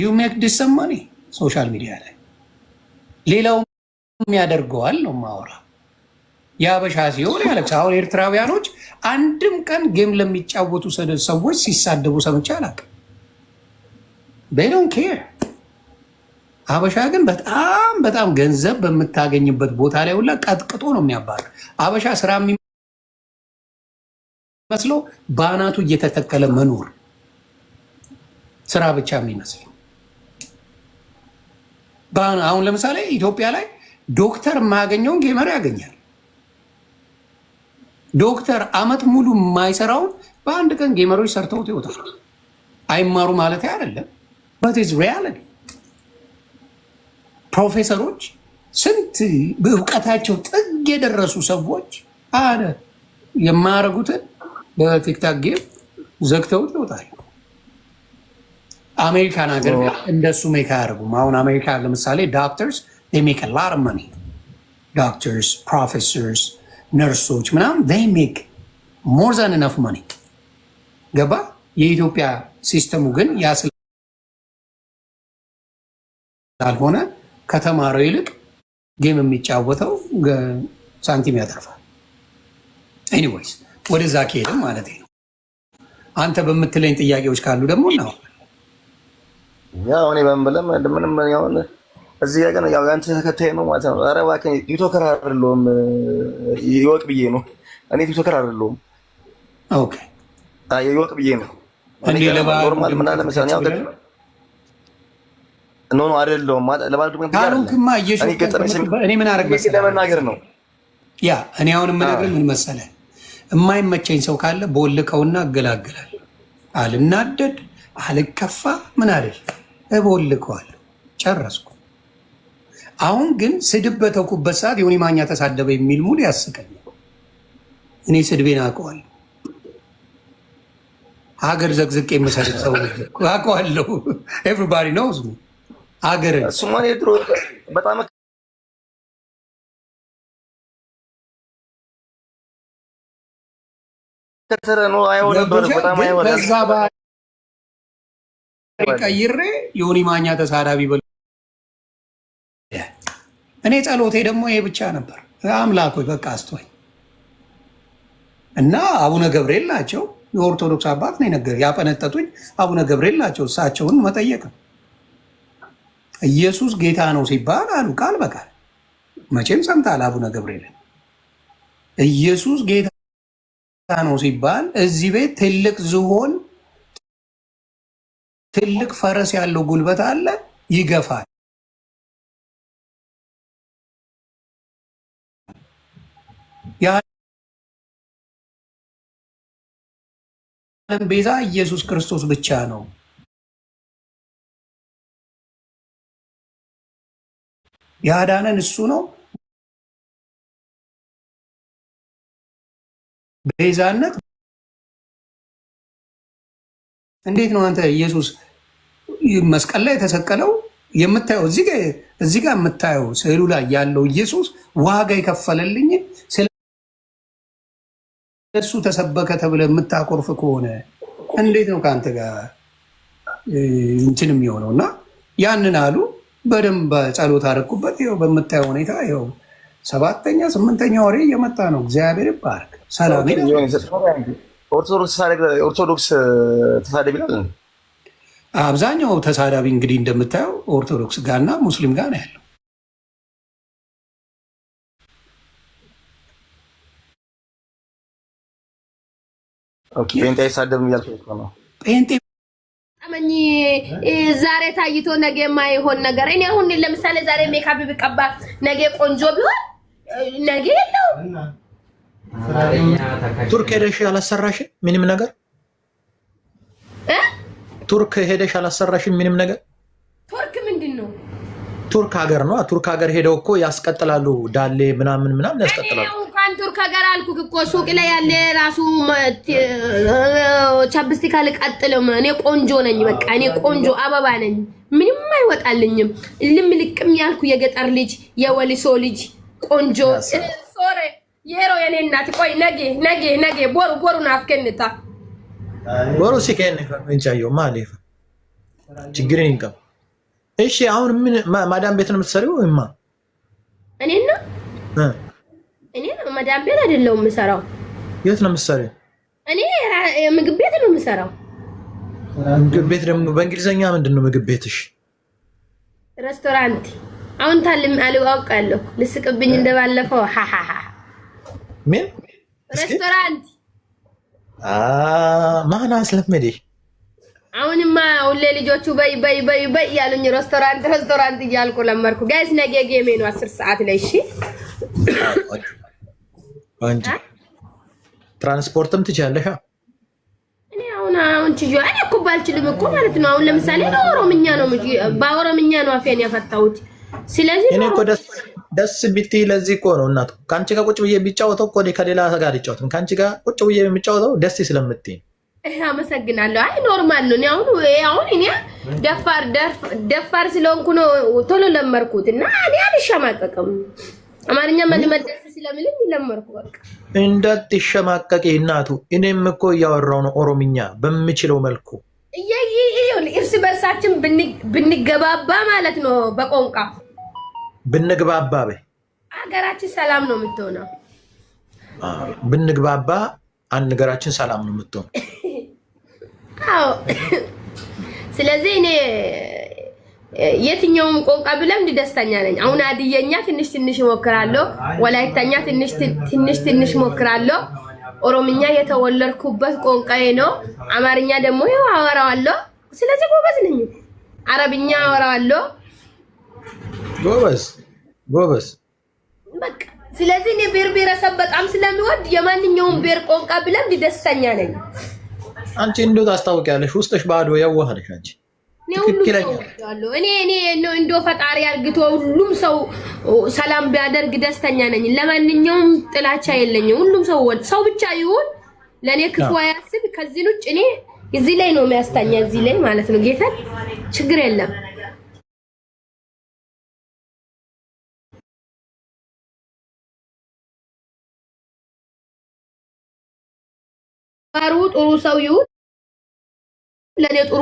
ዩ ሜክ ዲስ ሰም ማኒ ሶሻል ሚዲያ ላይ ሌላው የሚያደርገዋል ነው ማወራ የአበሻ ሲሆን ያለቅስ። አሁን ኤርትራውያኖች አንድም ቀን ጌም ለሚጫወቱ ሰዎች ሲሳደቡ ሰምቼ አላውቅም። ዶን ኬር። አበሻ ግን በጣም በጣም ገንዘብ በምታገኝበት ቦታ ላይ ሁላ ቀጥቅጦ ነው የሚያባርር። አበሻ ስራ የሚመስለው በአናቱ እየተተከለ መኖር ስራ ብቻ የሚመስል አሁን ለምሳሌ ኢትዮጵያ ላይ ዶክተር የማያገኘውን ጌመር ያገኛል። ዶክተር አመት ሙሉ የማይሰራውን በአንድ ቀን ጌመሮች ሰርተውት ይወጣል። አይማሩ ማለት አይደለም፣ በት ኢዝ ፕሮፌሰሮች ስንት በእውቀታቸው ጥግ የደረሱ ሰዎች አለ የማያረጉትን በቲክታክ ጌም ዘግተውት ይወጣል። አሜሪካን ሀገር እንደሱ ሜክ አያደርጉም። አሁን አሜሪካ ለምሳሌ ዶክተርስ ሜክ ላር መኒ ዶክተርስ፣ ፕሮፌሰርስ፣ ነርሶች ምናምን ሜክ ሞር ዛን ነፍ መኒ ገባ። የኢትዮጵያ ሲስተሙ ግን ያ ስላልሆነ ከተማረው ይልቅ ጌም የሚጫወተው ሳንቲም ያተርፋል። ኤኒዌይስ ወደዛ ከሄድም ማለት ነው። አንተ በምትለኝ ጥያቄዎች ካሉ ደግሞ ነው እኛ አሁን ምን ብለም ምንም ያው እዚህ ጋር ግን ያው ያንተ ተከታይ ነው ማለት ነው። ኧረ እባክህ ቲክቶከር አይደለሁም ይወቅ ብዬ ነው። እኔ ቲክቶከር አይደለሁም። ኦኬ ይወቅ ብዬ ነው። እኔ ኖርማል ምን አለ መሰለኝ ያው ኖ ኖ አይደለሁም ማለት ለባል ደግሞ ታሩክማ እኔ ምን አረግ መሰለኝ ለመናገር ነው። ያ እኔ አሁን የምነግርህ ምን መሰለህ የማይመቸኝ ሰው ካለ በወልቀውና እገላግላለሁ። አልናደድ፣ አልከፋ ምን አይደል እቦልከዋለሁ። ጨረስኩ። አሁን ግን ስድብ በተኩበት ሰዓት ዮኒ ማኛ ተሳደበ የሚል ሙሉ ያስቀኝ። እኔ ስድቤን አውቀዋለሁ። ሀገር ዘቅዝቅ የምሰድብ ሰው አውቀዋለሁ። ኤቭሪባዲ ነው ዝ ሀገር በጣም ከስረ ነው። አይሆንም በጣም አይሆንም። ቀይሬ ዮኒ ማኛ ተሳዳቢ በ እኔ ጸሎቴ ደግሞ ይሄ ብቻ ነበር። አምላኮች በቃ አስተወኝ እና አቡነ ገብርኤል ናቸው የኦርቶዶክስ አባት ነው ነገር ያፈነጠጡኝ አቡነ ገብርኤል ናቸው። እሳቸውን መጠየቅ ኢየሱስ ጌታ ነው ሲባል አሉ ቃል በቃል መቼም ሰምታል። አቡነ ገብርኤልን ኢየሱስ ጌታ ነው ሲባል እዚህ ቤት ትልቅ ዝሆን ትልቅ ፈረስ ያለው ጉልበት አለ፣ ይገፋል። የዓለም ቤዛ ኢየሱስ ክርስቶስ ብቻ ነው። ያዳነን እሱ ነው። ቤዛነት እንዴት ነው አንተ ኢየሱስ መስቀል ላይ የተሰቀለው የምታየው እዚህ ጋር የምታየው ስዕሉ ላይ ያለው ኢየሱስ ዋጋ የከፈለልኝ ስለሱ ተሰበከ ተብለ የምታቆርፍ ከሆነ እንዴት ነው ከአንተ ጋር እንትን የሚሆነው? እና ያንን አሉ በደንብ ጸሎት አደረኩበት። ይኸው በምታየው ሁኔታ ይኸው ሰባተኛ ስምንተኛ ወሬ እየመጣ ነው። እግዚአብሔር ይባርክ። ሰላም ኦርቶዶክስ ተሳዳቢ ይላል። አብዛኛው ተሳዳቢ እንግዲህ እንደምታየው ኦርቶዶክስ ጋና ሙስሊም ጋር ነው ያለው። ጴንጤ አይሳደብም እያልኩ ነው። ጴንጤ ዛሬ ታይቶ ነገ የማይሆን ነገር እኔ አሁን ለምሳሌ ዛሬ ሜካፕ ብቀባ ነገ ቆንጆ ቢሆን ነገ የለውም ቱርክ ሄደሽ አላሰራሽ ምንም ነገር? ቱርክ ሄደሽ አላሰራሽ ምንም ነገር? ቱርክ ምንድን ነው? ቱርክ ሀገር ነው። ቱርክ ሀገር ሄደው እኮ ያስቀጥላሉ፣ ዳሌ ምናምን ምናምን ያስቀጥላሉ። እንኳን ቱርክ ሀገር አልኩህ እኮ ሱቅ ላይ ያለ ራሱ ቻፕስቲክ አልቀጥልም። እኔ ቆንጆ ነኝ፣ በቃ እኔ ቆንጆ አበባ ነኝ፣ ምንም አይወጣልኝም። ልምልቅም ያልኩ የገጠር ልጅ የወሊሶ ልጅ ቆንጆ ሶሬ የሮ የኔ እናት ቆይ ነጌ ነጌ ነጌ ቦሩ ቦሩ ናፍ ከንታ ቦሩ ሲከን እንቻዩ ማለፍ ችግርን ይንቀም። እሺ አሁን ምን ማዳም ቤት ነው የምትሰሪው? እማ እኔ እኔ ማዳም ቤት አይደለሁም የምሰራው። የት ነው የምትሰሪው? እኔ ምግብ ቤት ነው የምሰራው። ምግብ ቤት ደግሞ በእንግሊዘኛ ምንድን ነው ምግብ ቤትሽ? ሬስቶራንት። አሁን ታልም አለው አውቃለሁ። ልስቅብኝ እንደባለፈው ሃሃሃ ምን ሬስቶራንት ማን አስለመደሽ? አሁንማ ሁሌ ልጆቹ በይ በይ በይ በይ እያሉኝ ሬስቶራንት ሬስቶራንት እያልኩ ለመርኩ። ጋይስ ነገ ጌሜ ነው አስር ሰዓት ላይ እሺ። ትራንስፖርትም ትችያለሽ? እኔ አሁን አሁን ችዬ እኔ እኮ ባልችልም እኮ ማለት ነው። አሁን ለምሳሌ በኦሮምኛ ነው በኦሮምኛ ነው አፌን ያፈታሁት። ስለዚህ እኔ እኮ ደስ ደስ ቢቲ ለዚህ እኮ ነው እናት ከአንቺ ጋር ቁጭ ብዬ የሚጫወተው እኮ ከሌላ ጋር ይጫወትም ከአንቺ ጋር ቁጭ ብዬ የሚጫወተው ደስ ስለምትይኝ አመሰግናለሁ። አይ ኖርማል ነው። አሁን አሁን እኔ ደፋር ደፋር ስለሆንኩ ነው ቶሎ ለመርኩት እና እኔ አልሸማቀቅም። አማርኛ መልመድ ደስ ስለምልኝ ለመርኩ በቃ። እንዳትሸማቀቂ እናቱ። እኔም እኮ እያወራው ነው ኦሮምኛ በምችለው መልኩ እርስ በርሳችን ብንገባባ ማለት ነው በቋንቋ ብንግባባ በይ ሀገራችን ሰላም ነው የምትሆነው። ብንግባባ አንድ ነገራችን ሰላም ነው የምትሆነው። አዎ። ስለዚህ እኔ የትኛውም ቋንቋ ብለምድ ደስተኛ ነኝ። አሁን አድየኛ ትንሽ ትንሽ እሞክራለሁ፣ ወላይተኛ ትንሽ ትንሽ እሞክራለሁ። ኦሮምኛ የተወለድኩበት ቋንቋዬ ነው። አማርኛ ደግሞ ይኸው አወራዋለሁ። ስለዚህ ጎበዝ ነኝ። አረብኛ አወራዋለሁ። ጎበዝ ጎበዝ። በቃ ስለዚህ እኔ ብሔር ብሔረሰብ በጣም ስለሚወድ የማንኛውም ብሔር ቆንቃ ብለን ደስተኛ ነኝ። አንቺ እንዶ ታስታውቂያለሽ፣ ውስጥሽ ባዶ ያዋህ አንቺ። እኔ እኔ እንዶ ፈጣሪ አርግቶ ሁሉም ሰው ሰላም ቢያደርግ ደስተኛ ነኝ። ለማንኛውም ጥላቻ የለኝም። ሁሉም ሰው ወድ ሰው ብቻ ይሁን፣ ለእኔ ክፉ አያስብ። ከዚህ ውጭ እኔ እዚህ ላይ ነው የሚያስተኛ እዚህ ላይ ማለት ነው። ጌታ ችግር የለም ባሩ ጥሩ ሰው ይሁን ለእኔ ጥሩ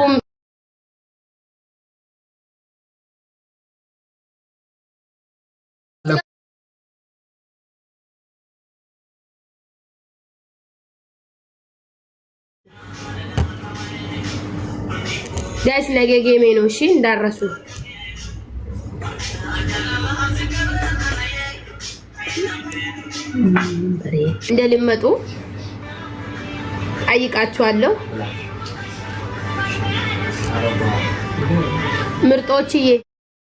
ደስ ነገ ጌሜ ነው። እሺ እንዳረሱ እንደልመጡ ጠይቃችኋለሁ። ምርጦችዬ